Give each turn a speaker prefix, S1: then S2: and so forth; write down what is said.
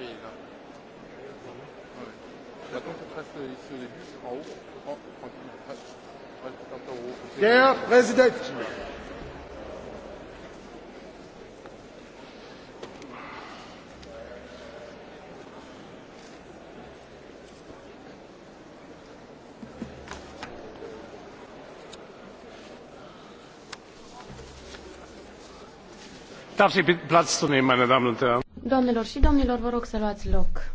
S1: Et là. Ouais. Maintenant, qu'on fasse ici au début, en haut. Der Präsident!
S2: darf sie bitten platz zu nehmen meine damen und herren!
S3: Doamnelor și domnilor, vă rog să luați loc.